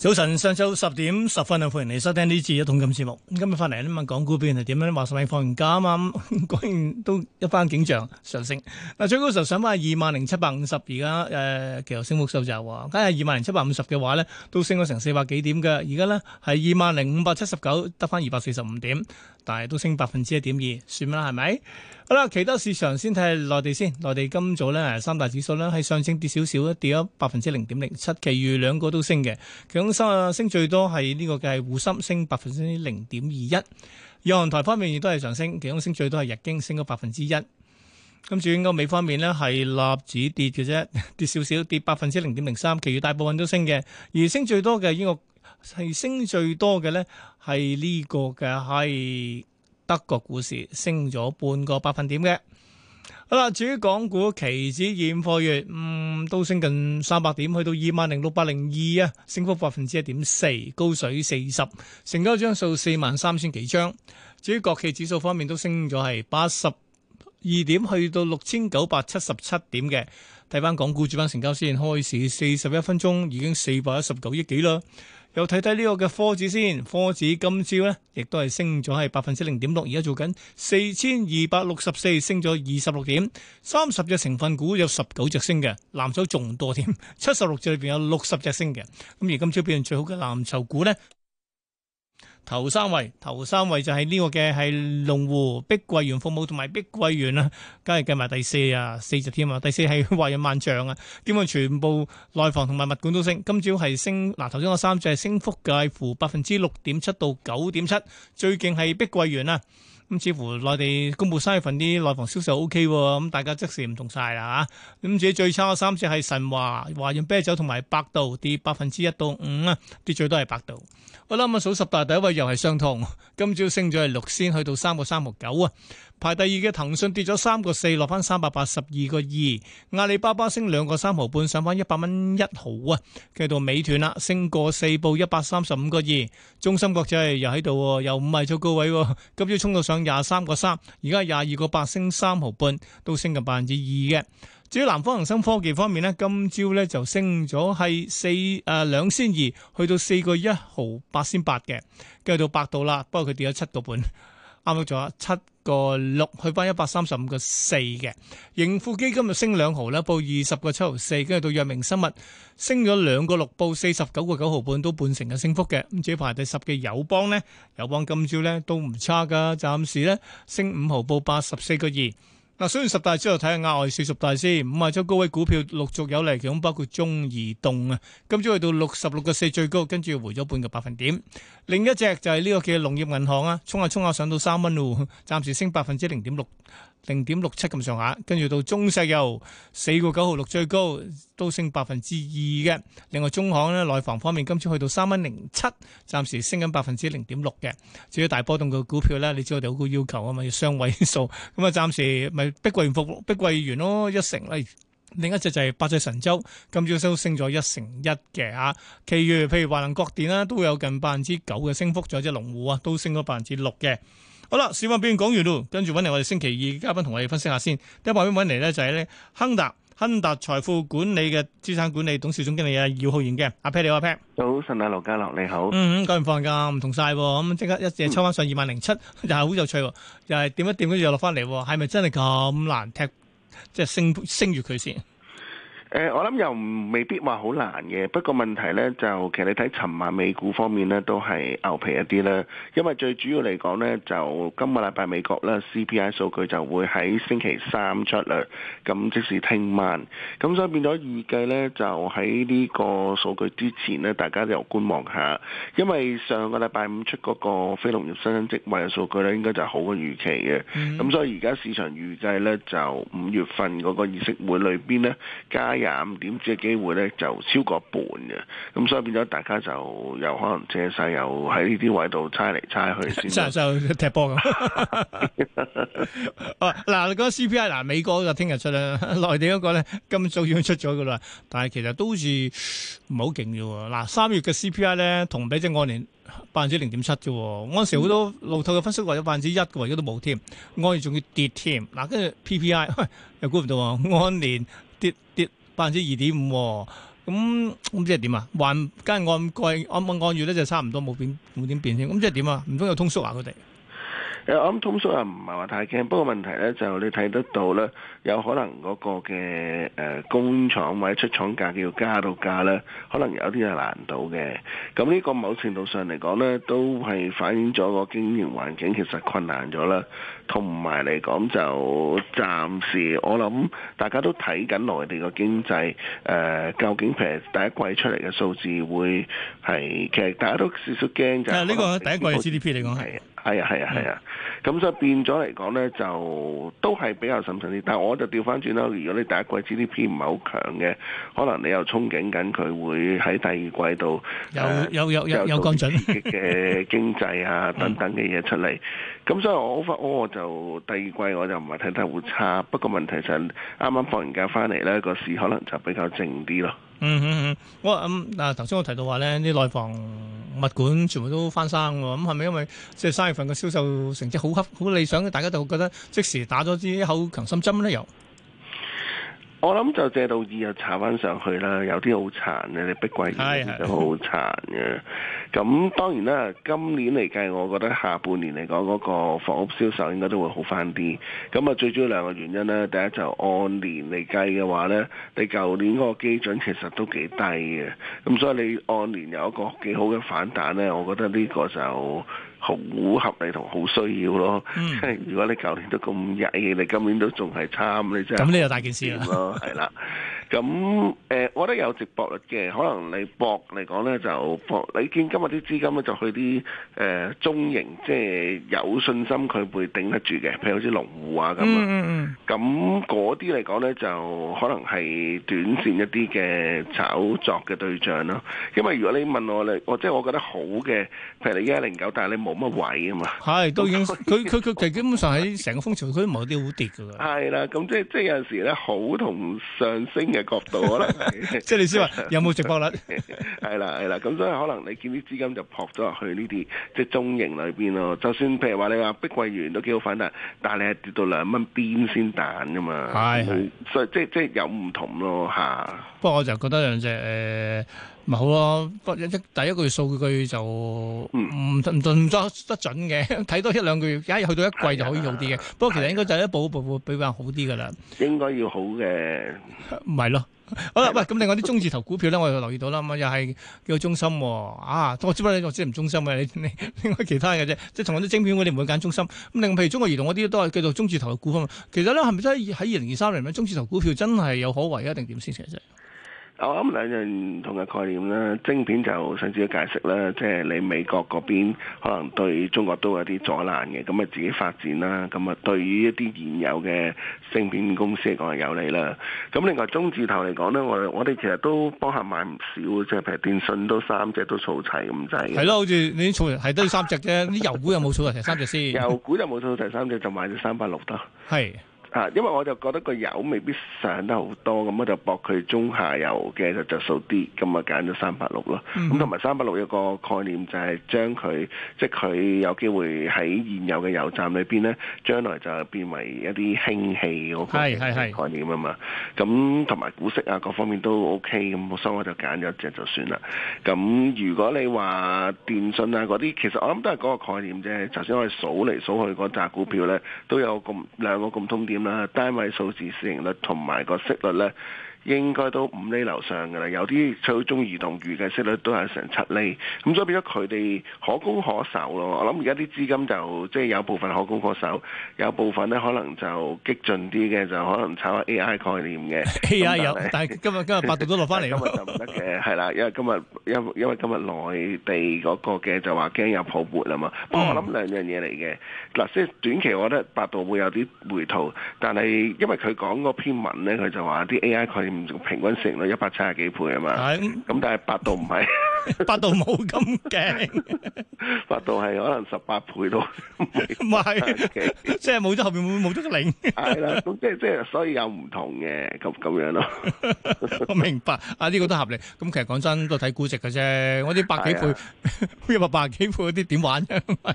早晨上週，上晝十點十分啊，歡迎你收聽呢次《一桶金》節目。今日翻嚟咧，問港股邊係點樣？話上緊放完假啊，咁果然都一番景象上升。嗱，最高時候上翻係二萬零七百五十，而家誒，其後升幅收窄、就係，20, 話梗係二萬零七百五十嘅話咧，都升咗成四百幾點嘅。而家呢係二萬零五百七十九，得翻二百四十五點，但係都升百分之一點二，算啦，係咪？好啦，其他市場先睇下內地先。內地今早咧，三大指數咧係上升，跌少少，跌咗百分之零點零七。其餘兩個都升嘅，其中三啊升最多係呢個嘅滬深升百分之零點二一。銀行台方面亦都係上升，其中升最多係日經升咗百分之一。咁主要個美方面咧係立指跌嘅啫，跌少少，跌百分之零點零三。其餘大部分都升嘅，而升最多嘅呢，這個係升最多嘅咧係呢個嘅係。德國股市升咗半個百分點嘅，好啦，至於港股期指現貨月，嗯，都升近三百點，去到二萬零六百零二啊，升幅百分之一點四，高水四十，成交張數四萬三千幾張。至於國企指數方面，都升咗係八十二點，去到六千九百七十七點嘅。睇返港股主板成交先，開市四十一分鐘已經四百一十九億幾啦。又睇睇呢個嘅科指先，科指今朝咧亦都係升咗係百分之零點六，而家做緊四千二百六十四，升咗二十六點，三十隻成分股有十九隻升嘅，藍籌仲多添，七十六隻裏邊有六十隻升嘅，咁而今朝表現最好嘅藍籌股咧。頭三位，頭三位就係呢個嘅係龍湖、碧桂園服務同埋碧桂園啦，梗係計埋第四啊，四隻添啊，第四係華潤萬象啊，基本上全部內房同埋物管都升，今朝係升嗱，頭先個三隻係升幅介乎百分之六點七到九點七，最勁係碧桂園啦，咁似乎內地公布三月份啲內房銷售 O K 喎，咁大家即時唔同曬啦嚇，咁至於最差嘅三隻係神華、華潤啤酒同埋百度，跌百分之一到五啊，跌最多係百度。好啦，咁數十大第一位又係商湯。今朝升咗係六仙，去到三個三毫九啊。排第二嘅騰訊跌咗三個四，落翻三百八十二個二。阿里巴巴升兩個三毫半，上翻一百蚊一毫啊。跟住到美團啦，升過四報一百三十五個二。2，中芯國際又喺度，又唔係最高位，今朝沖到上廿三個三，而家廿二個八升三毫半，都升近百分之二嘅。至於南方恒生科技方面咧，今朝咧就升咗係四誒兩仙二去到四個一毫八仙八嘅，跟住到百度啦，不過佢跌咗七個半。啱啱做下七個六去翻一百三十五個四嘅盈富基金，就升兩毫啦，報二十個七毫四，跟住到藥明生物升咗兩個六，報四十九個九毫半，都半成嘅升幅嘅。咁至於排第十嘅友邦呢，友邦今朝咧都唔差噶，暫時咧升五毫，報八十四個二。嗱，數完十大之後睇下額外四十大先，五十周高位股票陸續有嚟，其中包括中移動啊，今朝去到六十六個四最高，跟住回咗半個百分點。另一隻就係呢個嘅農業銀行啊，沖下沖下上到三蚊咯，暫時升百分之零點六。零點六七咁上下，跟住到中石油四個九毫六最高，都升百分之二嘅。另外中行咧，內房方面今朝去到三蚊零七，暫時升緊百分之零點六嘅。至於大波動嘅股票咧，你知我哋好高要求啊嘛，要雙位數。咁啊，暫時咪碧桂園復碧桂園咯一成。嚟另一隻就係百濟神州，今朝都升咗一成一嘅吓。其餘譬如華能國電啦，都有近百分之九嘅升幅。仲有隻龍湖啊，都升咗百分之六嘅。好啦，小問便講完咯。跟住揾嚟，我哋星期二嘉賓同我哋分析下先。第一位呢揾嚟咧就係咧亨達，亨達財富管理嘅資產管理董事總經理啊姚浩然嘅。阿 Pat 你，、啊、你好，阿 Pat 早晨啊，羅家樂你好。嗯，今日放假唔同晒，咁即刻一隻抽翻上二萬零七，又係好有趣，就是，碰碰又係點一點，跟住又落翻嚟，係咪真係咁難踢？即，就，係，是，升升越佢先。誒、呃，我諗又未必話好難嘅，不過問題呢，就其實你睇尋晚美股方面呢，都係牛皮一啲啦，因為最主要嚟講呢，就今個禮拜美國呢 CPI 數據就會喺星期三出嘞，咁即係聽晚，咁所以變咗預計呢，就喺呢個數據之前呢，大家就觀望下，因為上個禮拜五出嗰個非農業新增職位嘅數據呢，應該就係好過預期嘅，咁所以而家市場預計呢，就五月份嗰個議息會裏邊呢。加。點知嘅機會咧就超過半嘅，咁所以變咗大家就又可能借勢，又喺呢啲位度猜嚟猜去，先。其實就踢波球咁。啊嗱，講、那個、CPI 嗱、啊，美國就聽日出啦，內地嗰個咧今早已經出咗嘅啦，但係其實都好似唔係好勁嘅喎。嗱、啊，三月嘅 CPI 咧同比即係按年百分之零點七啫，我嗰時好多路透嘅分析話有百分之一嘅，而家都冇添，按月仲要跌添。嗱、啊，跟住 PPI、哎、又估唔到喎、啊，按年跌跌。跌百分之二點五，咁咁、哦嗯嗯、即係點啊？按跟按季按按月咧就差唔多冇變冇點變添。咁即係點啊？唔通有通縮啊？佢哋？誒，我諗通縮又唔係話太驚，不過問題咧就你睇得到咧，有可能嗰個嘅誒工廠或者出廠價要加到加咧，可能有啲係難度嘅。咁呢個某程度上嚟講咧，都係反映咗個經營環境其實困難咗啦。同埋嚟講就暫時，我諗大家都睇緊內地個經濟誒、呃，究竟譬如第一季出嚟嘅數字會係其實大家都少少驚就係呢個第一季 GDP 嚟講係。係啊係啊係啊，咁、啊啊啊、所以變咗嚟講咧，就都係比較審慎啲。但係我就調翻轉啦，如果你第一季 GDP 唔係好強嘅，可能你又憧憬緊佢會喺第二季度有有有、啊、有有降準嘅 經濟啊等等嘅嘢出嚟。咁所以我我就，我就第二季我就唔係睇得好差，不過問題就係啱啱放完假翻嚟咧，個市可能就比較靜啲咯。嗯嗯嗯，我咁嗱，頭、嗯、先、嗯、我提到話咧，啲內房物管全部都翻生喎，咁係咪因為即係三月份嘅銷售成績好黑好理想，大家就會覺得即時打咗啲口強心針咧又？我諗就借到二又查翻上去啦，有啲好殘嘅，你碧桂園就好殘嘅。咁 當然啦，今年嚟計，我覺得下半年嚟講，嗰個房屋銷售應該都會好翻啲。咁啊，最主要兩個原因啦。第一就按年嚟計嘅話呢，你舊年嗰個基準其實都幾低嘅，咁所以你按年有一個幾好嘅反彈呢，我覺得呢個就。好合理同好需要咯，因 為如果你舊年都咁曳，你今年都仲係差，你真係咁，你就大件事咯，係啦、嗯。 咁誒，我覺得有值博率嘅，可能你博嚟講咧就博，你見今日啲資金咧就去啲誒中型，即係有信心佢會頂得住嘅，譬如好似龍虎啊咁啊。咁嗰啲嚟講咧就可能係短線一啲嘅炒作嘅對象咯。因為如果你問我咧，我即係我覺得好嘅，譬如你一零九，但係你冇乜位啊嘛。係，都已經佢佢佢其實基本上喺成個風潮佢冇啲好跌㗎啦。係啦，咁即係即係有陣時咧，好同上升嘅。角度可能， 即係你先話有冇直播率？ 係啦係啦，咁所以可能你見啲資金就撲咗入去呢啲即係中型裏邊咯。就算譬如話你話碧桂園都幾好反彈，但係你係跌到兩蚊邊先彈噶嘛。係， 所以,所以即係即係有唔同咯吓。 不過我就覺得兩隻誒。呃咪好咯，第一第一個月數據就唔唔唔得準嘅，睇多一兩個月，而家去到一季就可以用啲嘅。不過其實應該就一步一步會比較好啲嘅啦。應該要好嘅，咪咯。好啦，喂，咁另外啲中字頭股票咧，我又留意到啦。咁又係叫做中心喎，啊，我知乜你又知唔中心嘅？你你另外其他嘅啫，即係同嗰啲晶片，我哋唔會揀中心。咁另外譬如中國移動嗰啲都係叫做中字頭嘅股份。其實咧，係咪真係喺二零二三年咧，中字頭股票真係有可為啊？定點先其實？我諗、嗯、兩樣唔同嘅概念啦，晶片就想自己解釋啦，即係你美國嗰邊可能對中國都有啲阻攔嘅，咁啊自己發展啦，咁啊對於一啲現有嘅晶片公司嚟講係有利啦。咁另外中字頭嚟講咧，我我哋其實都幫客買唔少，即係譬如電信都三隻都儲齊咁滯。係咯、就是，好似你啲儲係都要三隻啫，啲油股又冇儲啊，三隻先。 油股又冇儲，第三隻就買咗三百六得。係。啊，因為我就覺得個油未必上得好多，咁我就搏佢中下游嘅就著數啲，咁啊揀咗三百六咯。咁同埋三百六一個概念就係將佢，即係佢有機會喺現有嘅油站裏邊咧，將來就變為一啲氫氣嗰個概念啊嘛。咁同埋股息啊，各方面都 OK 咁，所以我就揀咗隻就算啦。咁如果你話電信啊嗰啲，其實我諗都係嗰個概念啫。就算我哋數嚟數去嗰扎股票咧，都有咁兩個共通點。啊，單位數字市盈率同埋個息率咧。應該都五厘樓上㗎啦，有啲最中意同預計息率都係成七厘，咁所以變咗佢哋可攻可守咯。我諗而家啲資金就即係有部分可攻可守，有部分咧可能就激進啲嘅，就可能炒下 A.I. 概念嘅 A.I. 有，但係今日今日百度都落翻嚟， 今日就唔得嘅，係啦，因為今日因因為今日內地嗰個嘅就話驚有泡沫啊嘛。不過 我諗兩樣嘢嚟嘅，嗱，即係短期我覺得百度會有啲回吐，但係因為佢講嗰篇文咧，佢就話啲 A.I. 概念平均成率一百七十幾倍啊嘛，咁但係百度唔係，百度冇咁勁，百度係可能十八倍都唔係，即係冇咗後面冇咗個零，係啦，咁即係即係，所以有唔同嘅咁咁樣咯。我明白，啊呢個都合理。咁其實講真都睇估值嘅啫，我啲百幾倍，一百八十幾倍嗰啲點玩？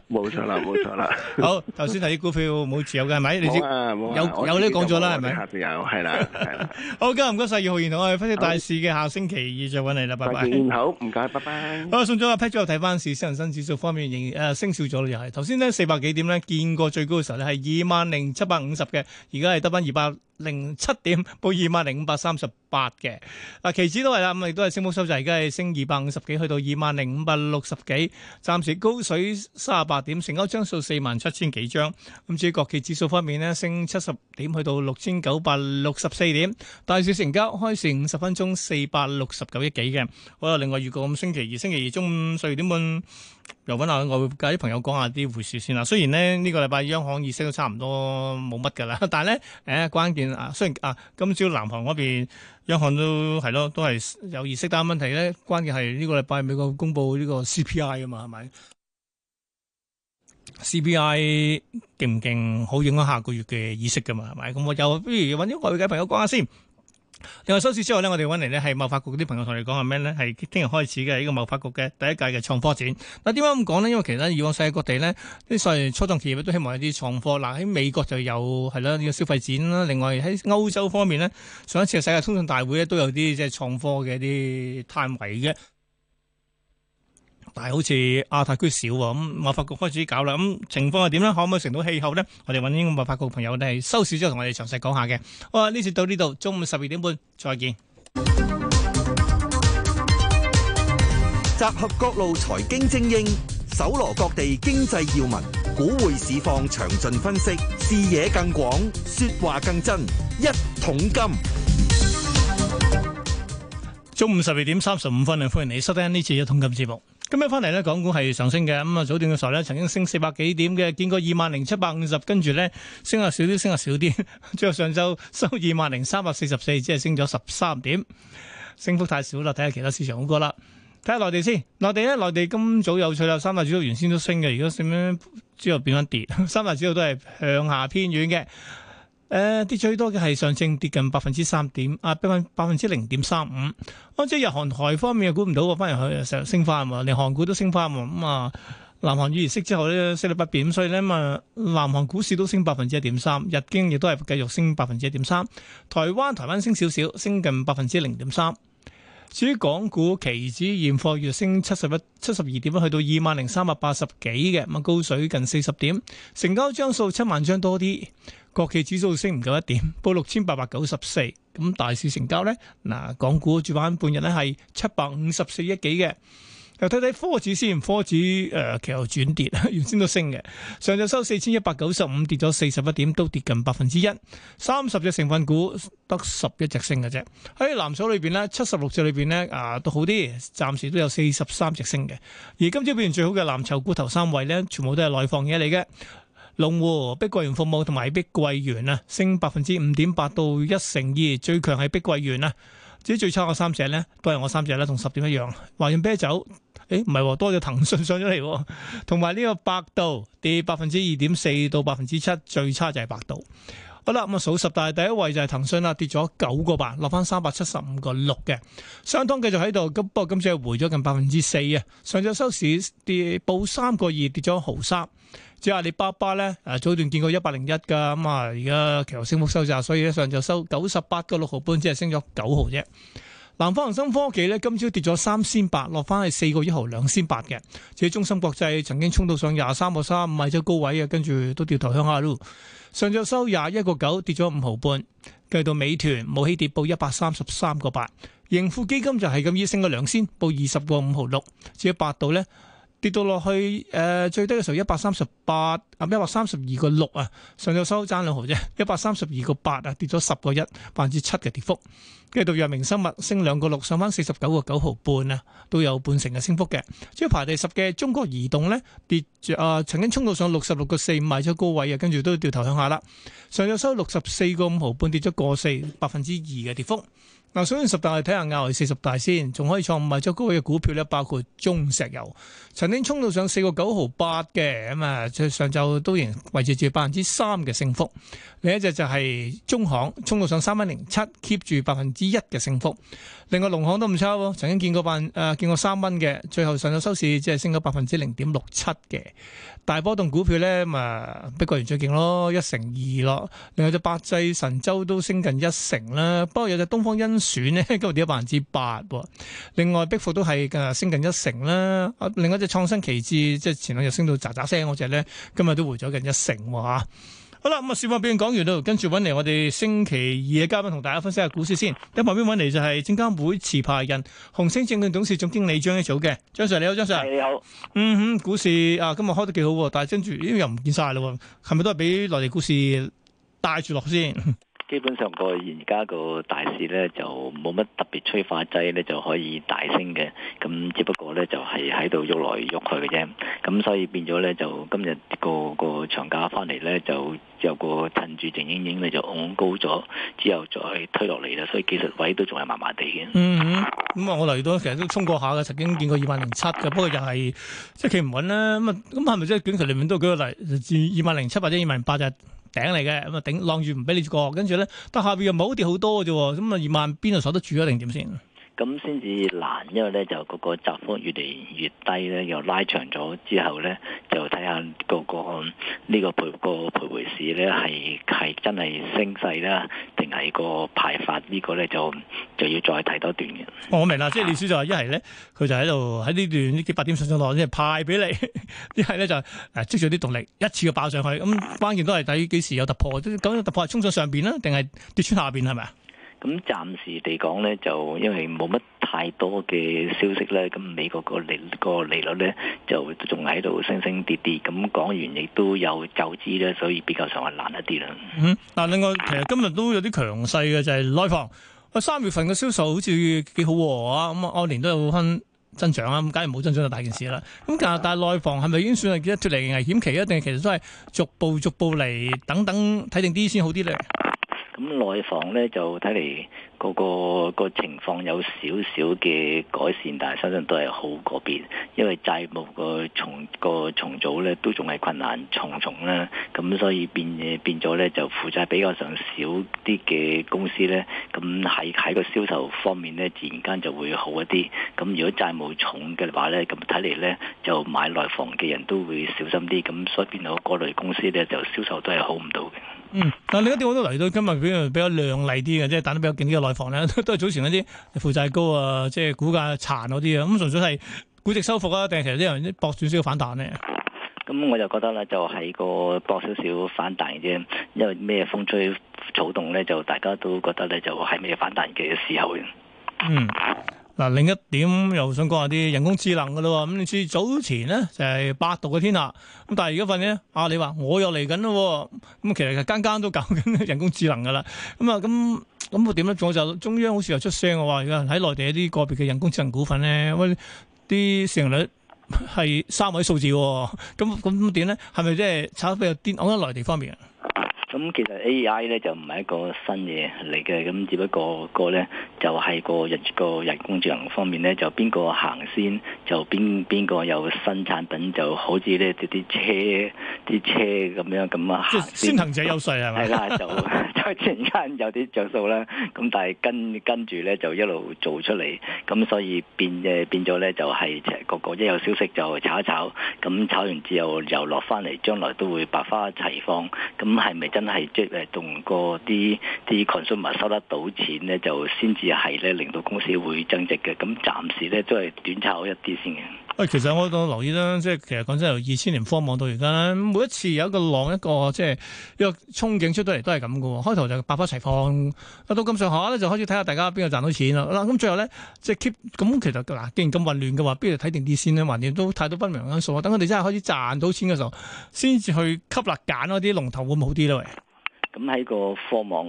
冇錯啦，冇錯啦。好，頭先睇啲股票冇持有嘅係咪？你啊，有有都講咗啦，係咪？有，係啦，係啦。好，今日。十二號電台，我哋分析大市嘅，下星期二再揾你啦拜拜，拜拜。好，唔該，拜拜。好，送咗阿 Patrick 又睇翻市，恒生指數方面仍然、啊、升少咗，又係。頭先咧四百幾點咧，見過最高嘅時候咧係二萬零七百五十嘅，而家係得翻二百。零七點，報二萬零五百三十八嘅嗱，期指都係啦，咁亦都係升幅收窄，而家係升二百五十幾，去到二萬零五百六十幾。暫時高水三十八點，成交張數四萬七千幾張。咁至於國企指數方面呢，升七十點，去到六千九百六十四點。大市成交開市五十分鐘四百六十九億幾嘅。好啦、啊，另外預告咁星期二，星期二中午十二點半。又揾下外界啲朋友講下啲回事先啦。雖然咧呢個禮拜央行意識都差唔多冇乜噶啦，但係咧誒關鍵啊，雖然啊今朝南韓嗰邊央行都係咯，都係有意識，但係問題咧關鍵係呢個禮拜美國公布呢個 CPI 啊嘛，係咪？CPI 勁唔勁，好影響下個月嘅意識噶嘛，係咪？咁我又不如揾啲外界朋友講下先。另外收市之後咧，我哋揾嚟呢係貿發局啲朋友同你講係咩咧？係聽日開始嘅呢個貿發局嘅第一屆嘅創科展。嗱，點解咁講咧？因為其實以往世界各地咧，啲所謂初創企業都希望有啲創科。嗱，喺美國就有係啦，呢個消費展啦。另外喺歐洲方面咧，上一次嘅世界通信大會咧都有啲即係創科嘅啲攤位嘅。但係好似亞太區少喎，咁物發局開始搞啦，咁情況係點咧？可唔可以成到氣候咧？我哋揾啲物發局朋友嚟，收市之後同我哋詳細講下嘅。好啊，呢次到呢度，中午十二點半再見。集合各路財經精英，搜羅各地經濟要聞，股匯市況詳盡分析，視野更廣，說話更真。一桶金，中午十二點三十五分，歡迎你收聽呢次一桶金節目。今日翻嚟咧，港股係上升嘅。咁、嗯、啊，早段嘅時候咧，曾經升四百幾點嘅，見過二萬零七百五十，跟住咧升啊少啲，升啊少啲。最後上晝收二萬零三百四十四，只係升咗十三點，升幅太少啦。睇下其他市場好過啦。睇下內地先，內地咧，內地今早有趣啦，三大指數原先都升嘅，而家升咗之後變翻跌，三大指數都係向下偏遠嘅。誒、呃，跌最多嘅係上證，跌近百分之三點，啊，百分、百分之零點三五。按、啊、照日韓台方面又估唔到，反而佢成日升翻，係嘛？連韓股都升翻，咁、嗯、啊，南韓議息之後咧，息率不變，所以咧嘛、啊，南韓股市都升百分之一點三，日經亦都係繼續升百分之一點三，台灣台灣升少少，升近百分之零點三。至於港股期指現貨，月升七十一、七十二點，去到二萬零三百八十幾嘅，咁高水近四十點，成交張數七萬張多啲，國企指數升唔夠一點，報六千八百九十四，咁大市成交呢，嗱，港股主板半日呢係七百五十四億幾嘅。又睇睇科指先，科指誒、呃、其後轉跌，原先都升嘅。上晝收四千一百九十五，跌咗四十一點，都跌近百分之一。三十隻成分股得十一隻升嘅啫。喺藍籌裏邊咧，七十六隻裏邊咧啊，都好啲，暫時都有四十三隻升嘅。而今朝表現最好嘅藍籌股頭三位咧，全部都係內房嘢嚟嘅。龍湖、碧桂園服務同埋碧桂園啊，升百分之五點八到一成二，最強係碧桂園啊，至於最差嘅三隻咧，都係我三隻啦，同十點一樣。華潤啤酒。誒，唔係、欸啊、多謝騰訊上咗嚟、啊，同埋呢個百度，跌百分之二點四到百分之七，最差就係百度。好啦，咁啊數十大第一位就係騰訊啦，跌咗九個八，落翻三百七十五個六嘅。相當繼續喺度，咁不過今次係回咗近百分之四啊。上晝收市跌報三個二，跌咗毫三。隻阿里巴巴咧，誒早段見過一百零一噶，咁啊而家其實升幅收窄，所以咧上晝收九十八個六毫半，只係升咗九毫啫。南方恒生科技呢，今朝跌咗三仙八，落翻係四個一毫兩仙八嘅。至於中芯國際曾經衝到上廿三個三，賣咗高位嘅，跟住都掉頭向下咯。上晝收廿一個九，跌咗五毫半。計到美團冇起跌，報一百三十三個八。盈富基金就係咁依升個兩仙，報二十個五毫六。至於百度呢，跌到落去，誒，最低嘅時候一百三十八，啊，一百三十二個六啊，上晝，收差兩毫啫，一百三十二個八啊，跌咗十個一，百分之七嘅跌幅。跟住到藥明生物升兩個六，上翻四十九個九毫半啊，都有半成嘅升幅嘅。至於排第十嘅中國移動咧，跌住、呃、曾經衝到上六十六個四五，賣咗高位啊，跟住都掉頭向下啦。上晝收六十四個五毫半，跌咗個四，百分之二嘅跌幅。嗱，所以十大睇下亞匯四十大先，仲可以創五日最高位嘅股票咧，包括中石油，曾經衝到上四個九毫八嘅，咁啊，即上晝都仍維持住百分之三嘅升幅。另一隻就係中行，衝到上三蚊零七，keep 住百分之一嘅升幅。另外農行都唔差喎，曾經見過百，誒見過三蚊嘅，最後上晝收市只係升咗百分之零點六七嘅。大波動股票咧，咁啊，碧桂園最勁咯，一成二咯。另外就百濟神州都升近一成啦，不過有隻東方鑫。選呢？今日跌咗百分之八，另外必富都係嘅、啊、升近一成啦。啊，另外一隻創新期指即係前兩日升到喳喳聲嗰隻咧，今日都回咗近一成吓、啊。好啦，咁、嗯、啊，說翻邊講完啦，跟住揾嚟我哋星期二嘅嘉賓同大家分析下股市先。喺旁邊揾嚟就係證監會持牌人、紅星證券董事總經理張一祖嘅張 Sir，你好，張 Sir。你好。嗯哼，股市啊，今日開得幾好，但係跟住咦又唔見晒啦，係咪都係俾內地股市帶住落先？ 基本上個而家個大市咧就冇乜特別催化劑咧就可以大升嘅，咁只不過咧就係喺度喐來喐去嘅啫，咁所以變咗咧就今日個個長假翻嚟咧就由個趁住靜英英咧就往高咗，之後再推落嚟啦，所以技術位都仲係麻麻地嘅。嗯咁啊，我嚟到其實都衝過下嘅，曾經見過二萬零七嘅，不過又係即係企唔穩啦。咁啊咁係咪即係短期嚟講都舉個例至二萬零七或者二萬八日？頂嚟嘅，咁啊頂晾住唔俾你過，跟住咧，但下邊又唔好跌好多嘅啫，咁啊二萬邊度鎖得住啊，定點先？咁先至難，因為咧就嗰個窄幅越嚟越低咧，又拉長咗之後咧，就睇下個、呢個呢、呢個徘個徘徊市咧，係係真係升勢啦，定係個派發個。呢個咧就就要再睇多段嘅。我明啦，即係意思就係一係咧，佢就喺度喺呢段呢幾百點上上落，即係派俾你；一係咧就誒積住啲動力，一次嘅爆上去。咁關鍵都係睇幾時有突破，咁突破係衝咗上邊啦，定係跌穿下邊係咪啊？咁暫時嚟講咧，就因為冇乜太多嘅消息咧，咁美國個利個利率咧就仲喺度升升跌跌，咁講完亦都有就資咧，所以比較上係難一啲啦。嗯，嗱，另外其實今日都有啲強勢嘅就係、是、內房。三月份嘅銷售好似幾好啊，咁啊按年都有返增長啊，咁假如冇增長就大件事啦。咁但係但係內房係咪已經算係脱離危險期一定其實都係逐步逐步嚟等等睇定啲先好啲咧。咁內房咧就睇嚟。個個情況有少少嘅改善，但係相信都係好個別，因為債務個重個重組咧都仲係困難重重啦。咁所以變嘅變咗咧就負債比較上少啲嘅公司咧，咁喺喺個銷售方面咧自然間就會好一啲。咁如果債務重嘅話咧，咁睇嚟咧就買內房嘅人都會小心啲。咁所以變到嗰類公司咧就銷售都係好唔到嘅。嗯，嗱你一點我都嚟到今日比較比較亮麗啲嘅，即係打啲比較勁啲嘅內房。房咧都係早前嗰啲負債高啊，即係股價殘嗰啲啊，咁純粹係估值收復啊，定係其實啲人搏少少反彈呢？咁我就覺得咧，就係個搏少少反彈啫，因為咩風吹草動咧，就大家都覺得咧，就係咩反彈嘅時候、啊。嗯，嗱，另一點又想講下啲人工智能噶啦，咁你似早前咧就係、是、百度嘅天下，咁但係而家份咧，阿里話我又嚟緊咯，咁其實間間都搞緊人工智能噶啦，咁啊咁。咁我點咧？仲有就中央好似又出聲嘅話，而家喺內地啲個別嘅人工智能股份咧，市盈率係三位數字。咁咁點咧？係咪即係炒得比較癲？講緊內地方面啊？咁其實 A.I. 咧就唔係一個新嘢嚟嘅，咁只不過個咧就係個人個人工智能方面咧，就邊個行先就邊邊個有新產品，就好似咧啲啲車啲車咁樣咁啊行。先行者優勢係嘛？係啦先， 就就突然間有啲着數啦。咁但係跟跟住咧就一路做出嚟，咁所以變誒變咗咧就係個個一有消息就炒一炒，咁炒完之後又落翻嚟，將來都會百花齊放。咁係咪真？係即係同個啲啲 consumer 收得到錢咧，就先至係咧令到公司會增值嘅。咁暫時咧都係短炒一啲先嘅。 喂，其實我都留意啦，即係其實講真，由二千年科網到而家咧，每一次有一個浪一個，一個即係一個憧憬出到嚟都係咁噶喎。開頭就百花齊放，到咁上下咧就開始睇下大家邊個賺到錢啦。咁最後咧即係 keep，咁其實嗱，既然咁混亂嘅話，不如睇定啲先咧？橫掂，都太多不明因素啊。等佢哋真係開始賺到錢嘅時候，先至去吸納揀嗰啲龍頭會唔會好啲咧？咁喺個科網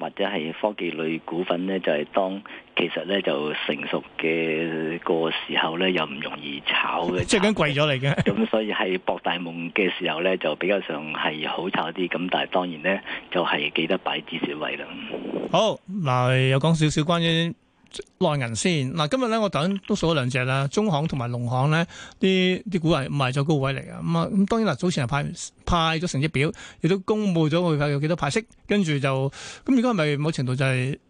或者係科技類股份咧，就係、是、當其實咧就成熟嘅個時候咧，又唔容易炒嘅，即係已經貴咗嚟嘅。咁、 嗯、所以係博大夢嘅時候咧，就比較上係好炒啲。咁但係當然咧，就係、是、記得擺自身位啦。好，嗱有講少少關於。內銀先嗱、啊，今日咧我頭先都數咗兩隻啦，中行同埋農行咧啲啲股係賣咗高位嚟嘅，咁啊咁當然嗱，早前係派派咗成績表，亦都公布咗佢有幾多派息，跟住就咁，如果係咪某程度就係、是？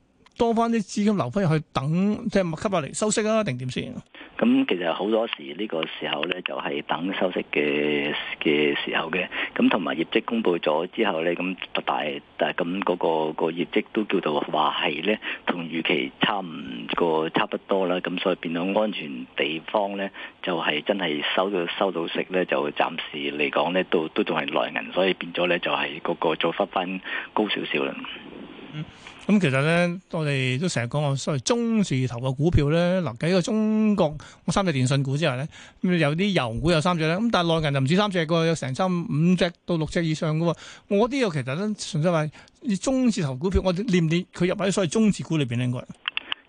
多翻啲資金留翻入去等，即係吸下嚟收息啊，定點先？咁其實好多時呢個時候呢，就係等收息嘅嘅時候嘅。咁同埋業績公布咗之後呢，咁但係咁嗰個個業績都叫做話係呢，同預期差唔個差不多啦。咁所以變到安全地方呢，就係真係收到收到息呢，就暫時嚟講呢，都都仲係來銀，所以變咗呢，就係嗰個再翻翻高少少啦。咁其實咧，我哋都成日講話所謂中字頭嘅股票咧，嗱，喺個中國三隻電信股之後咧，有啲油股有三隻咧，咁但係內銀就唔止三隻，個有成三五隻到六隻以上嘅喎。我啲嘢其實咧純粹話你中字頭股票，我念唔念佢入喺所謂中字股裏邊應該？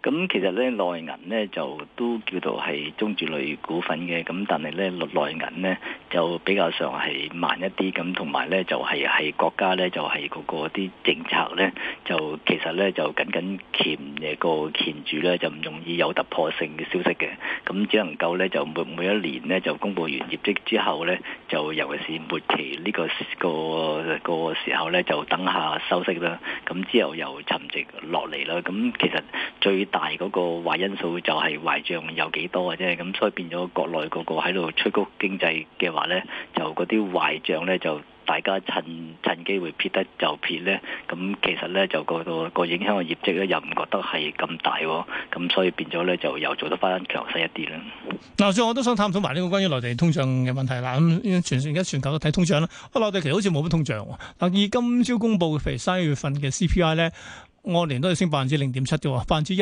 咁其實咧，內銀咧就都叫做係中資類股份嘅。咁但係咧，內銀咧就比較上係慢一啲，咁同埋咧就係、係、係國家咧就係、係嗰個個啲政策咧就其實咧就僅僅鉗嘅個鉗住咧就唔容易有突破性嘅消息嘅。咁只能夠咧就每每一年咧就公布完業績之後咧就尤其是末期呢個個個時候咧就等下收息啦，咁之後又沉寂落嚟啦。咁其實最大嗰個壞因素就係壞賬有幾多啊？即係咁，所以變咗國內嗰個喺度催谷經濟嘅話咧，就嗰啲壞賬咧就大家趁趁機會撇得就撇咧。咁其實咧就個個影響嘅業績咧又唔覺得係咁大喎。咁所以變咗咧就又做得翻強勢一啲啦。嗱，所以我都想探討埋呢個關於內地通脹嘅問題啦。咁全而家全球都睇通脹啦。我內地其實好似冇乜通脹喎。嗱，以今朝公布嘅譬如三月份嘅 CPI 咧，按年都係升百分之零點七嘅喎，百分之一。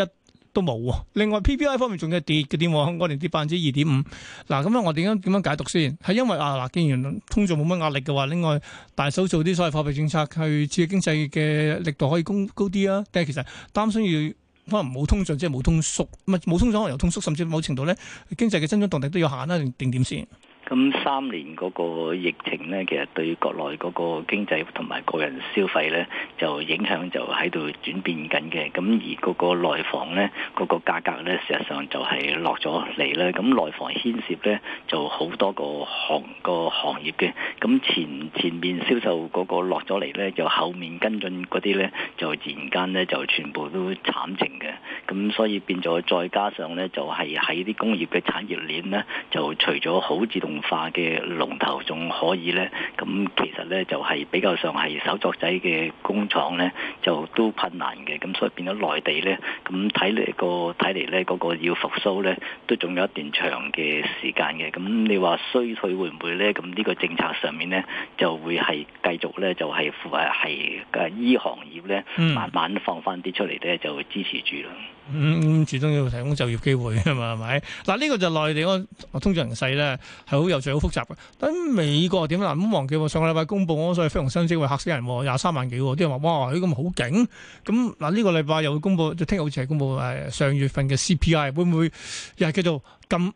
都冇喎，另外 PPI 方面仲要跌嘅點，我哋跌百分之二點五。嗱，咁咧我哋點樣點樣解讀先？係因為啊，嗱，既然通脹冇乜壓力嘅話，另外大手做啲所謂貨幣政策去刺激經濟嘅力度可以高高啲啊。但係其實擔心要可能冇通脹，即係冇通縮，乜冇通脹又通縮，甚至某程度咧經濟嘅增長動力都要限啦、啊，定點先。咁三年嗰個疫情咧，其實對國內嗰個經濟同埋個人消費咧，就影響就喺度轉變緊嘅。咁而嗰個內房咧，嗰個價格咧，事實上就係落咗嚟啦。咁內房牽涉咧，就好多個行個行業嘅。咁前前面銷售嗰個落咗嚟咧，就後面跟進嗰啲咧，就突然間咧就全部都慘情嘅。咁所以變咗，再加上咧就係喺啲工業嘅產業鏈咧，就除咗好自動化嘅龍頭仲可以咧，咁其實咧就係比較上係手作仔嘅工廠咧，就都困難嘅。咁所以變咗內地咧，咁睇嚟個睇嚟咧，嗰個要復甦咧，都仲有一段長嘅時間嘅。咁你話衰退會唔會咧？咁呢個政策上面咧，就會係繼續咧，就係誒係誒醫行業咧，慢慢放翻啲出嚟咧，就支持住咯。嗯，始終要提供就業機會嘅嘛，係咪？嗱，呢個就內地個通脹形勢咧，係好有趣，又最好複雜嘅。咁美國點咧？嗱，唔好忘記，上個禮拜公布嗰個所謂非農新增，會嚇死人，廿三萬幾，啲人話哇，呢、這個咁好勁。咁嗱，呢個禮拜又會公布，就聽日好似係公布誒上月份嘅 CPI，會唔會又係叫做咁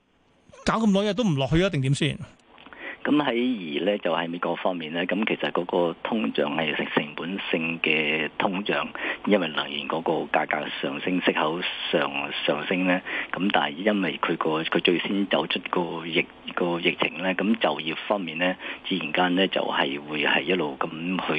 搞咁耐日都唔落去啊？定點先？咁喺而呢就喺、是、美國方面呢，咁其實嗰個通脹係成成本性嘅通脹，因為能源嗰個價格上升，息口上上升呢，咁但係因為佢個佢最先走出個疫個疫情呢，咁就業方面呢，自然間呢就係、是、會係一路咁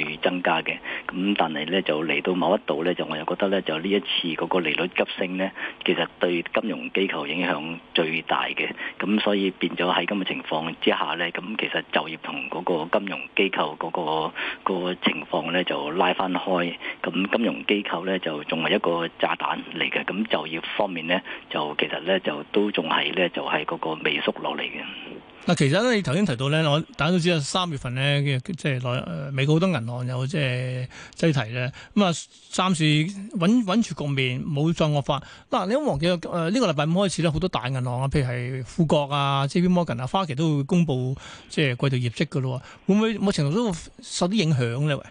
去增加嘅。咁但係呢就嚟到某一度呢，呢，就我又覺得呢就呢一次嗰個利率急升呢，其實對金融機構影響最大嘅。咁所以變咗喺咁嘅情況之下呢。咁其實就業同嗰個金融機構嗰、那個那個情況咧，就拉翻開。咁金融機構咧，就仲係一個炸彈嚟嘅。咁就業方面咧，就其實咧，就都仲係咧，就係、是、嗰個微縮落嚟嘅。嗱，其實咧，你頭先提到咧，我大家都知啦，三月份咧，即係內美國好多銀行有即係擠提咧，咁啊，暫時穩穩住局面，冇再惡化。嗱、啊，你睇黃記誒呢、呃呢個禮拜五開始咧，好多大銀行啊，譬如係富國啊、JPMorgan 啊、花旗都會公布即係季度業績噶咯喎，會唔會某程度都會受啲影響咧？喂。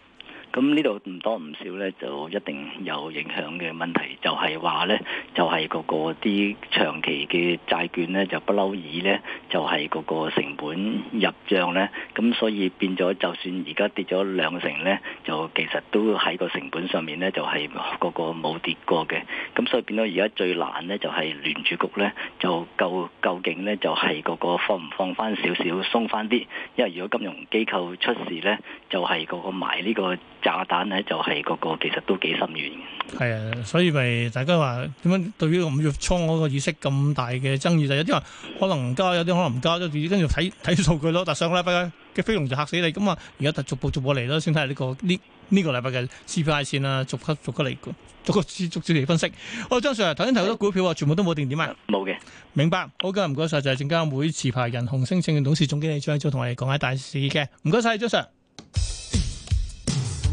咁呢度唔多唔少呢，就一定有影響嘅問題，就係話呢，就係嗰個啲長期嘅債券呢，就不嬲耳呢，就係嗰個成本入賬呢。咁所以變咗，就算而家跌咗兩成呢，就其實都喺個成本上面呢，就係嗰個冇跌過嘅。咁所以變咗而家最難呢，就係聯儲局呢，就究究竟呢，就係嗰個放唔放翻少少鬆翻啲？因為如果金融機構出事呢，就係嗰個埋呢個。炸彈咧就係嗰個，其實都幾深遠嘅。係啊，所以咪大家話點樣？對於五月初嗰個議息咁大嘅爭議，就有啲話可能加，有啲可能唔加。跟住睇睇數據咯。但上個禮拜嘅飛龍就嚇死你咁啊！而家逐步逐步嚟咯，先睇下呢個呢呢個禮拜嘅 CPI 線啦，逐個逐個嚟，逐個逐個嚟分析。哦，張 Sir，頭先提到股票啊，全部都冇定點啊？冇嘅，明白。好嘅，唔該晒，就係證監會持牌人紅星證嘅董事總經理張偉祖同我哋講下大市嘅。唔該曬，張 Sir。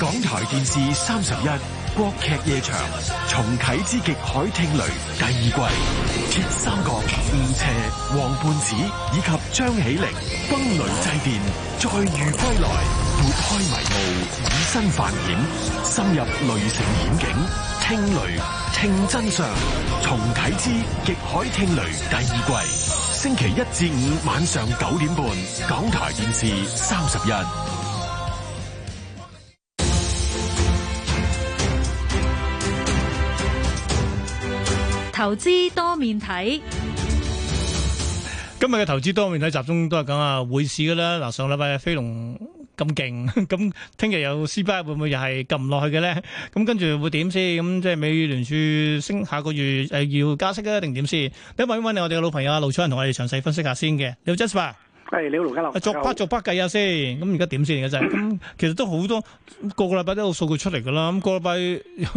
港台電視三十一國劇夜場，重啟之極海聽雷第二季，鐵三角吳邪、王胖子以及張起靈，崩雷祭奠，再遇歸來，撥開迷霧，以身犯險，深入雷城險境，聽雷，聽真相。重啟之極海聽雷第二季，星期一至五晚上九點半，港台電視三十一。投資多面睇，今日嘅投資多面睇集中都係講啊匯市㗎啦。嗱，上禮拜飛龍咁勁，咁聽日有 CPI 會唔會又係撳落去嘅咧？咁跟住會點先？咁即係美聯儲升下個月誒要加息啊，定點先？咁揾一揾我哋嘅老朋友啊，盧楚人同我哋詳細分析下先嘅。你好，Jasper。係、哎、你好，家樂。做筆做筆計下先，咁而家點先嘅就係、是、咁，其實都好多個個禮拜都有數據出嚟㗎啦。咁個禮拜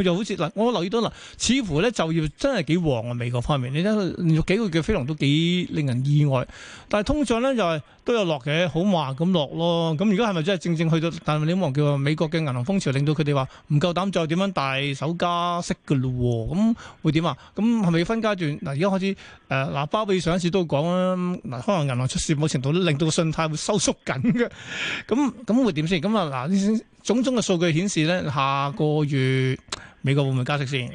又好似嗱，我留意到嗱，似乎咧就業真係幾旺啊美國方面，你睇幾個月嘅飛龍都幾令人意外。但係通脹咧就係都有落嘅，好慢咁落咯。咁而家係咪真係正正去到？但係你望叫美國嘅銀行風潮，令到佢哋話唔夠膽再點樣大手加息㗎咯？咁會點啊？咁係咪要分階段嗱？而、啊、家開始誒嗱、呃，包偉上一次都講啦，嗱，可能銀行出事冇程度。令到信貸會收縮緊嘅，咁咁會點先？咁啊嗱，種種嘅數據顯示咧，下個月美國會唔會加息先？誒、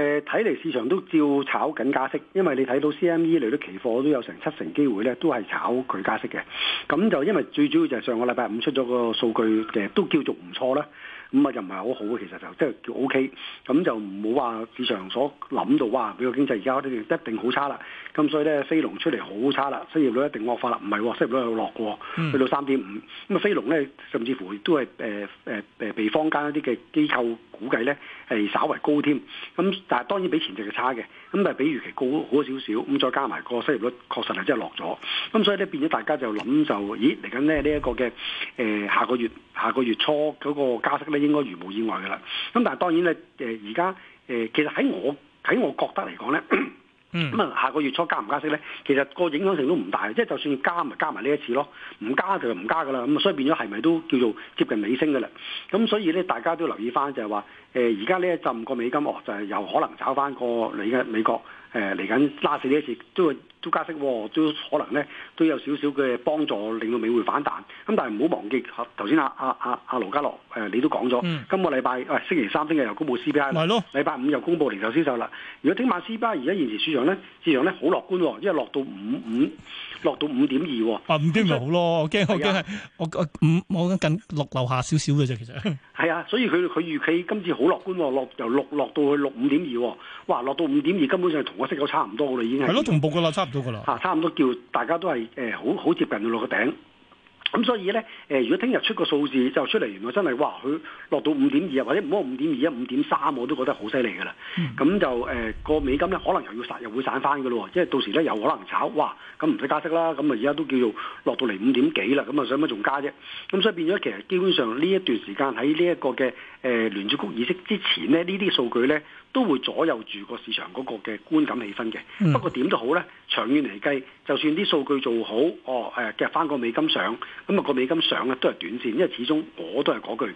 呃，睇嚟市場都照炒緊加息，因為你睇到 CME 嚟到期貨都有成七成機會咧，都係炒佢加息嘅。咁就因為最主要就係上個禮拜五出咗個數據嘅，都叫做唔錯啦。咁啊、嗯，就唔係好好嘅，其實就即係叫 O K。咁就唔好話市場所諗到哇，美國經濟而家一定好差啦。咁所以咧，非農出嚟好差啦，失業率一定惡化啦。唔係，失業率係落嘅，去到三點五。咁啊，非農咧，甚至乎都係誒誒誒，被坊間一啲嘅機構估計咧係稍為高添。咁但係當然比前陣嘅差嘅。咁咪比預期高好少少，咁再加埋個失業率確實係真係落咗，咁所以咧變咗大家就諗就，咦嚟緊咧呢一個嘅誒下個月下個月初嗰個加息咧應該如無意外㗎喇，咁但係當然咧誒而家誒其實喺我喺我覺得嚟講咧。咁啊，嗯、下個月初加唔加息咧？其實個影響性都唔大，即係就算加，咪加埋呢一次咯，唔加就唔加噶啦。咁啊，所以變咗係咪都叫做接近尾聲噶啦？咁所以咧，大家都留意翻就係話，誒而家呢一陣個美金哦、呃，就係有可能炒翻個嚟緊美國誒嚟緊拉市呢一次都會。都可能咧，都有少少嘅幫助，令到美匯反彈。咁但係唔好忘記頭先阿阿阿阿盧家樂誒，你都講咗今個禮拜喂星期三聽日又公布 CPI，係咯？禮拜五又公布零售銷售啦。如果聽晚 CPI 而家現時市場咧，市場咧好樂觀，因為落到五五落到五點二，啊五點咪好咯？驚我驚我五我近落樓下少少嘅啫，其實係啊，所以佢佢預期今次好樂觀，落由六落到去六五點二，哇、嗯，落到五點二根本上同我息口差唔多嘅啦，已經係咯，同報告率差唔多。吓，差唔多叫大家都係誒、呃，好好接近落個頂。咁、呃、所以呢，誒、呃，如果聽日出個數字就出嚟，原來真係哇，佢落到五點二啊，或者唔好五點二啊，五點三，我都覺得好犀利噶啦。咁、嗯、就誒，呃那個美金呢，可能又要殺，又會散翻噶咯。即係到時呢，有可能炒哇，咁唔使加息啦。咁啊，而家都叫做落到嚟五點幾啦。咁啊，使乜仲加啫？咁所以變咗，其實基本上呢一段時間喺呢一個嘅誒聯儲局議息之前呢，呢啲數據呢，都會左右住個市場嗰個嘅觀感氣氛嘅。嗯、不過點都好咧，長遠嚟計，就算啲數據做好，哦誒夾翻個美金上，咁、那、啊個美金上啊都係短線，因為始終我都係嗰句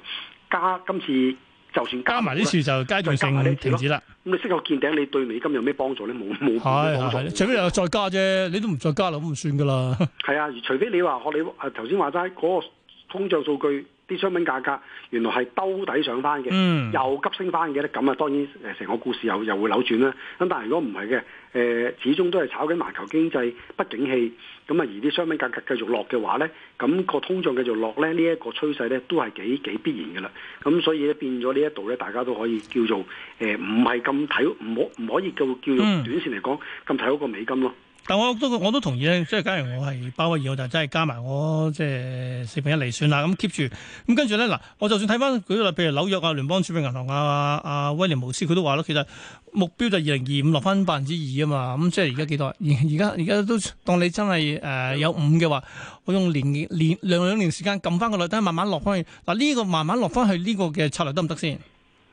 加。今次就算加埋呢次，就階段性停止啦。咁你息口見頂，你對美金有咩幫助咧？冇冇幫助。係、哎哎哎、除非又再加啫，你都唔再加啦，咁唔算噶啦。係 啊，除非你話學你誒頭先話齋嗰個通脹數據。啲商品價格原來係兜底上翻嘅，又急升翻嘅咧，咁啊當然誒成個故事又又會扭轉啦。咁但係如果唔係嘅，誒、呃、始終都係炒緊環球經濟不景氣，咁啊而啲商品價格繼續落嘅話咧，咁、那個通脹繼續落咧，呢、這、一個趨勢咧都係幾幾必然嘅啦。咁所以咧變咗呢一度咧，大家都可以叫做誒唔係咁睇，唔可唔可以叫叫做短線嚟講咁睇好個美金咯。但我都我都同意咧，即係假如我係鮑威爾，我就真係加埋我即係、就是、四分一嚟算啦，咁 keep 住。咁跟住咧，嗱，我就算睇翻舉例，譬如紐約啊、聯邦儲備銀行啊、阿威廉姆斯，佢都話啦，其實目標就二零二五落翻百分之二啊嘛。咁、嗯、即係而家幾多？而家而家都當你真係誒、呃、有五嘅話，我用年年，年兩兩,兩年時間撳翻個率，等佢慢慢落翻去。嗱，呢個慢慢落翻去呢個嘅策略得唔得先？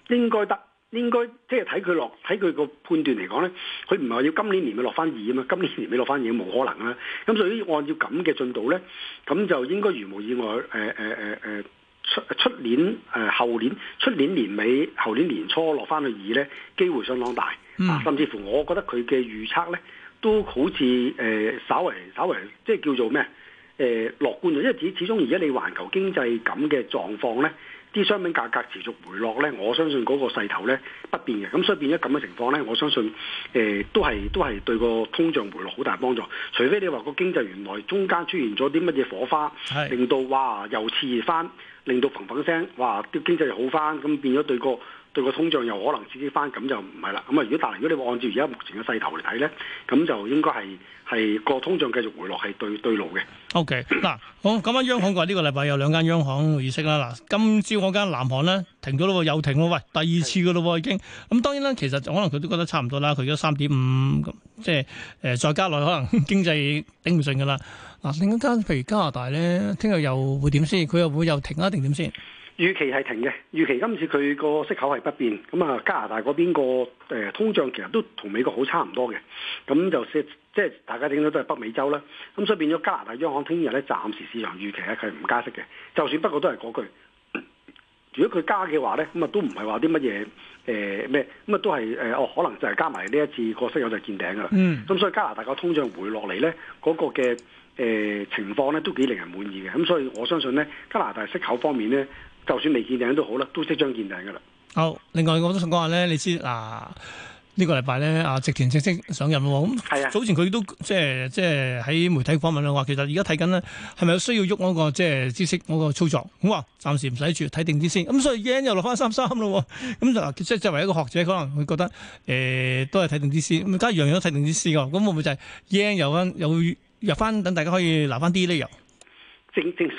應該得。應該即係睇佢落，睇佢個判斷嚟講咧，佢唔係話要今年年尾落翻二啊嘛，今年年尾落翻二冇可能啦。咁、嗯、所以按照咁嘅進度咧，咁就應該如無意外，誒誒誒誒，出出年誒後年、出、呃、年年尾、後年年初落翻去二咧，機會相當大、啊、甚至乎，我覺得佢嘅預測咧，都好似誒、呃、稍為稍為，即係叫做咩誒樂觀咗，因為始始終而家你環球經濟咁嘅狀況咧。啲商品價格持續回落咧，我相信嗰個勢頭咧，不變嘅。咁所以變咗咁嘅情況咧，我相信誒、呃、都係都係對個通脹回落好大幫助。除非你話個經濟原來中間出現咗啲乜嘢火花，令到哇又熾翻，令到嘭嘭聲，哇啲經濟又好翻，咁變咗對個，對個通脹又可能刺激翻，咁就唔係啦。咁啊，如果但如果你按照而家目前嘅勢頭嚟睇咧，咁就應該係係個通脹繼續回落係對對路嘅。O K，嗱好，咁啊，央行嘅呢、呢個禮拜有兩間央行議息啦。嗱，今朝嗰間南韓咧停咗咯，又停咯，喂，第二次嘅咯喎已經。咁是當然啦，其實可能佢都覺得差唔多啦，佢而家三點五，即係誒再加落去可能經濟頂唔順嘅啦。嗱，另一間譬如加拿大咧，聽日又會點先？佢又會又停啊？定點先？預期係停嘅，預期今次佢個息口係不變。咁啊，加拿大嗰邊個通脹其實都同美國好差唔多嘅。咁就即係大家點都都係北美洲啦。咁所以變咗加拿大央行聽日咧，暫時市場預期咧，佢係唔加息嘅。就算不過都係嗰句，如果佢加嘅話咧，咁啊都唔係話啲乜嘢誒咩？咁、呃、啊都係誒哦，可能就係加埋呢一次個息口就見頂㗎啦。咁所以加拿大個通脹回落嚟咧，嗰、那個嘅誒、呃、情況咧都幾令人滿意嘅。咁所以我相信咧，加拿大息口方面咧。就算未見頂都好啦，都即將見頂嘅啦。好，另外我都想講下咧，你知嗱呢個禮拜咧啊，植田正式上任咯。咁，早前佢都即係即係喺媒體訪問咧話，其實而家睇緊咧，係咪有需要喐嗰個即係知識嗰個操作？咁哇，暫時唔使住睇定啲先。咁所以 yen 又落翻三三咯。咁就即係作為一個學者，可能會覺得誒都係睇定啲先。咁家樣樣都睇定啲先喎。咁會唔會就係 yen 又翻又入翻，等大家可以拿翻啲咧又？正正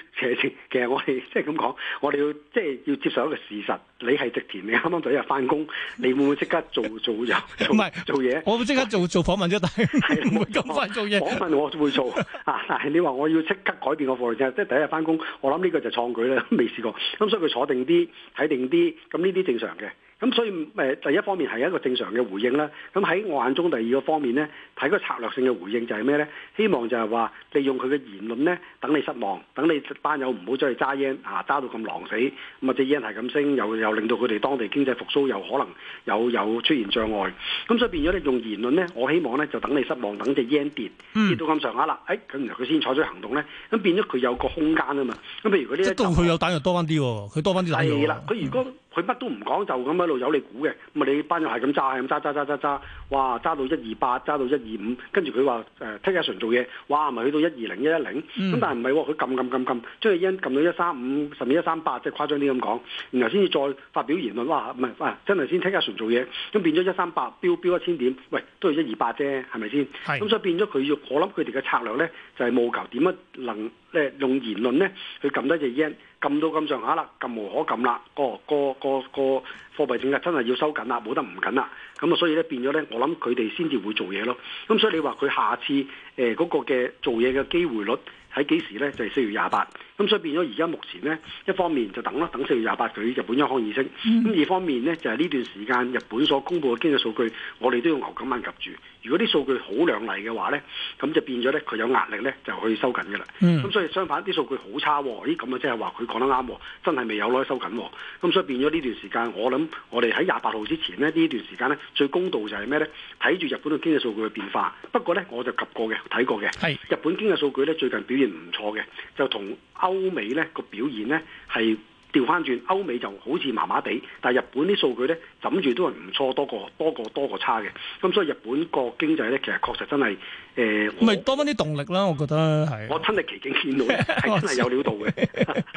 其實我哋即係咁講，我哋要即係要接受一個事實，你係直田，你啱啱第一日翻工，你會唔會即刻做做又唔係做嘢？我會 即刻做做訪問啫，但係唔會咁快做嘢。訪問 我會做啊，但係你話我要即刻改變個課程，即係第一日翻工，我諗呢個就創舉啦，未試過。咁所以佢坐定啲，睇定啲，咁呢啲正常嘅。咁所以誒，第一方面係一個正常嘅回應啦。咁喺我眼中，第二個方面咧，睇個策略性嘅回應就係咩咧？希望就係話利用佢嘅言論咧，等你失望，等你班友唔好再揸 yen 啊，揸到咁狼死。咁啊，隻 yen 係咁升，又又令到佢哋當地經濟復甦，又可能有有出現障礙。咁所以變咗咧，用言論咧，我希望咧，就等你失望，等隻 yen 跌跌到咁上下啦。誒，咁然後佢先採取行動咧。咁變咗佢有個空間啊嘛。咁譬如佢呢一即到佢有彈藥多翻啲喎，佢多翻啲彈藥。係啦，佢如果佢乜都唔講就咁一路有你估嘅，咁啊你班友係咁揸，咁揸揸揸揸揸，哇揸到一二八，揸到一二五，跟住佢話誒 TikTok 做嘢，哇咪去到一二零、anyway, 一一零、like e，咁但係唔係喎，佢撳撳撳撳，將佢一撳到一三五，甚至一三八，即係誇張啲咁講，然後先至再發表言論，哇唔係真係先 TikTok 做嘢，咁變咗一三八飆飆一千點，喂都係一二八啫，係咪先？咁所以變咗佢要，我諗佢哋嘅策略咧就係務求點樣能。咧用言論咧去撳多隻日圓，撳到咁上下啦，撳無可撳啦，個個個個貨幣政策真係要收緊啦，冇得唔緊啦。咁啊、嗯，所以咧變咗咧，我諗佢哋先至會做嘢咯。咁所以你話佢下次誒嗰、呃那個嘅做嘢嘅機會率喺幾時咧？就係、是、四月廿八。咁、嗯、所以變咗而家目前咧，一方面就等啦，等四月廿八佢日本央行議息。咁二、嗯、方面咧就係、是、呢段時間日本所公布嘅經濟數據，我哋都要牛咁眼睇住。如果啲數據好靚麗嘅話咧，咁就變咗咧佢有壓力咧就可以收緊噶啦。咁、嗯嗯、所以相反啲數據好差喎、哦，咦咁啊即係話佢講得啱喎、哦，真係未有攞收緊、哦。咁所以變咗呢段時間，我諗我哋喺廿八號之前咧呢段時間咧。最公道就係咩呢？睇住日本嘅經濟數據嘅變化，不過呢，我就及過嘅睇過嘅。係是日本經濟數據呢，最近表現唔錯嘅，就同歐美呢個表現呢係掉返轉，歐美就好似麻麻地，但係日本啲數據呢，諗住都係唔錯多過多過多過差嘅。咁所以日本個經濟呢，其實確實真係誒。咪、呃、多返啲動力啦，我覺得係。我親歷其境見到咧，係 真係有料到嘅。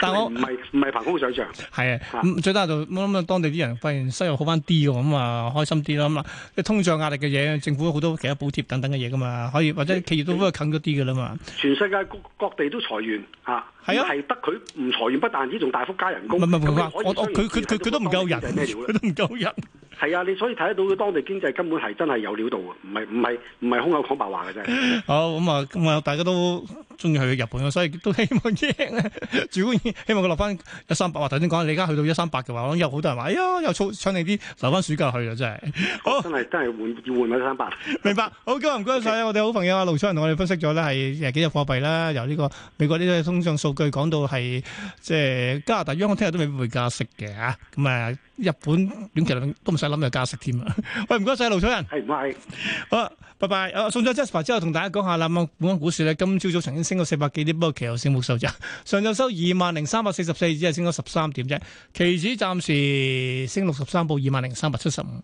但我唔係唔係憑空想像，係啊，最大就諗諗當地啲人發現收入好翻啲咁啊，開心啲啦。咁啊，即係通脹壓力嘅嘢，政府有好多其他補貼等等嘅嘢㗎嘛，可以或者企業都都近咗啲㗎喇嘛。全世界各各地都裁員啊，係啊，係得佢唔裁員，不但止，仲大幅加人工。唔係佢佢佢佢都唔夠人，佢都唔夠人。係啊，你所以睇得到佢當地經濟根本係真係有料到啊。唔係唔係唔係空口講白話嘅啫。好咁啊，咁、嗯、啊、嗯，大家都中意去日本嘅，所以都希望贏 主要希望佢落翻一三八。話頭先講，你而家去到一三八嘅話，我諗有好多人話：，哎呀，又湊搶你啲，留翻暑假去啊。真係。嗯、好，真係真係換要換一三八。明白。好，今日唔該晒。我哋好朋友啊，盧昌仁同我哋分析咗咧，係日幾隻貨幣啦，由呢個美國呢啲通脹數據講到係即係加拿大央行聽日都未必會加息嘅嚇。咁啊，日本短期內都唔使。諗又加息添啊！喂，唔該晒，盧主任。係唔係好啦，拜拜。啊、呃，送咗 Jasper 之後，同大家講下啦。咁，本港股市咧，今朝早曾經升過四百幾點，不過其後升冇收咋。上晝收二萬零三百四十四，只係升咗十三點啫。期指暫時升六十三，報二萬零三百七十五。